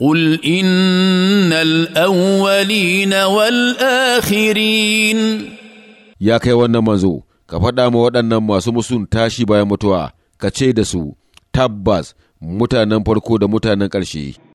قل إن الأولين والآخرين يا kai wannan manzo ka faɗa ma waɗannan masu musun tashi bayan mutuwa ka ce da su tabbas mutanen farko da mutanen ƙarshe